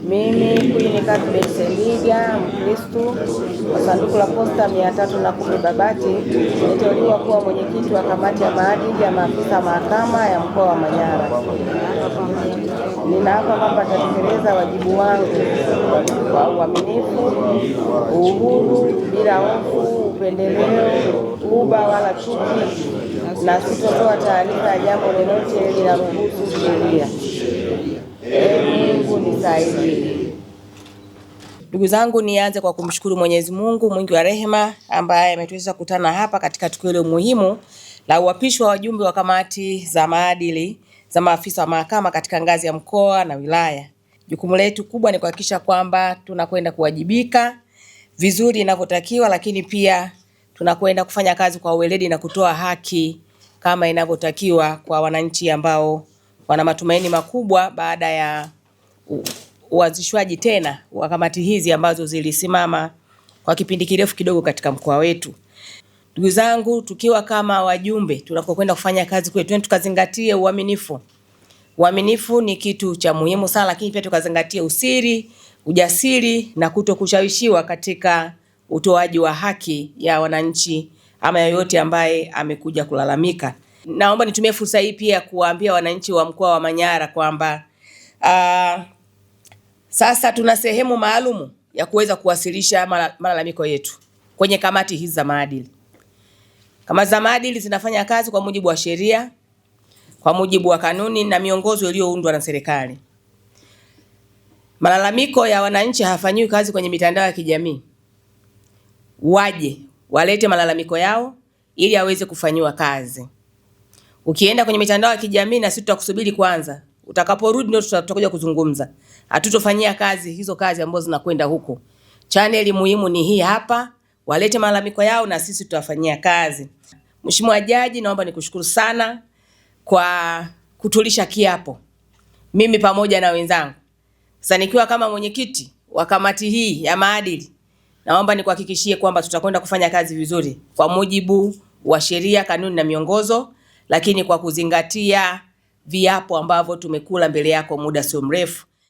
Mimi Queen Cuthbert Seliga, mkristu wa sanduku la posta mia tatu na kumi Babati, nimeteuliwa kuwa mwenyekiti wa kamati ya maadili ya maafisa mahakama ya mkoa wa Manyara. Ninaapa kwamba nitatekeleza wajibu wangu kwa uaminifu, uhuru, bila hofu, upendeleo, uba wala chuki, na sitotoa taarifa ya jambo lolote linalohusu sheria zaidi. Ndugu zangu, nianze kwa kumshukuru Mwenyezi Mungu mwingi wa rehema ambaye ametuweza kukutana hapa katika tukio hilo muhimu la uapisho wa wajumbe wa kamati za maadili za maafisa wa mahakama katika ngazi ya mkoa na wilaya. Jukumu letu kubwa ni kuhakikisha kwamba tunakwenda kuwajibika vizuri inavyotakiwa, lakini pia tunakwenda kufanya kazi kwa uweledi na kutoa haki kama inavyotakiwa kwa wananchi ambao wana matumaini makubwa baada ya uanzishwaji tena wa kamati hizi ambazo zilisimama kwa kipindi kirefu kidogo katika mkoa wetu. Ndugu zangu, tukiwa kama wajumbe tunakokwenda kufanya kazi kwetu, tukazingatie uaminifu. Uaminifu ni kitu cha muhimu sana, lakini pia tukazingatie usiri, ujasiri na kutokushawishiwa katika utoaji wa haki ya wananchi ama yoyote ambaye amekuja kulalamika. Naomba nitumie fursa hii pia kuwaambia wananchi wa mkoa wa Manyara kwamba uh, sasa tuna sehemu maalumu ya kuweza kuwasilisha malalamiko yetu kwenye kamati hizi za maadili. Kamati za maadili zinafanya kazi kwa mujibu wa sheria, kwa mujibu wa kanuni na miongozo iliyoundwa na serikali. Malalamiko ya wananchi hayafanyiwi kazi kwenye mitandao ya kijamii. Waje walete malalamiko yao ili aweze kufanyiwa kazi. Ukienda kwenye mitandao ya kijamii na sisi tutakusubiri kwanza, Utakaporudi ndio tutakuja kuzungumza. Hatutofanyia kazi hizo kazi ambazo zinakwenda huko. Chaneli muhimu ni hii hapa, walete malalamiko yao na sisi tutawafanyia kazi. Mheshimiwa Jaji, naomba nikushukuru sana kwa kutulisha kiapo mimi pamoja na wenzangu. Sasa nikiwa kama mwenyekiti wa kamati hii ya maadili, naomba nikuhakikishie kwamba tutakwenda kufanya kazi vizuri kwa mujibu wa sheria, kanuni na miongozo, lakini kwa kuzingatia viapo ambavyo tumekula mbele yako muda sio mrefu,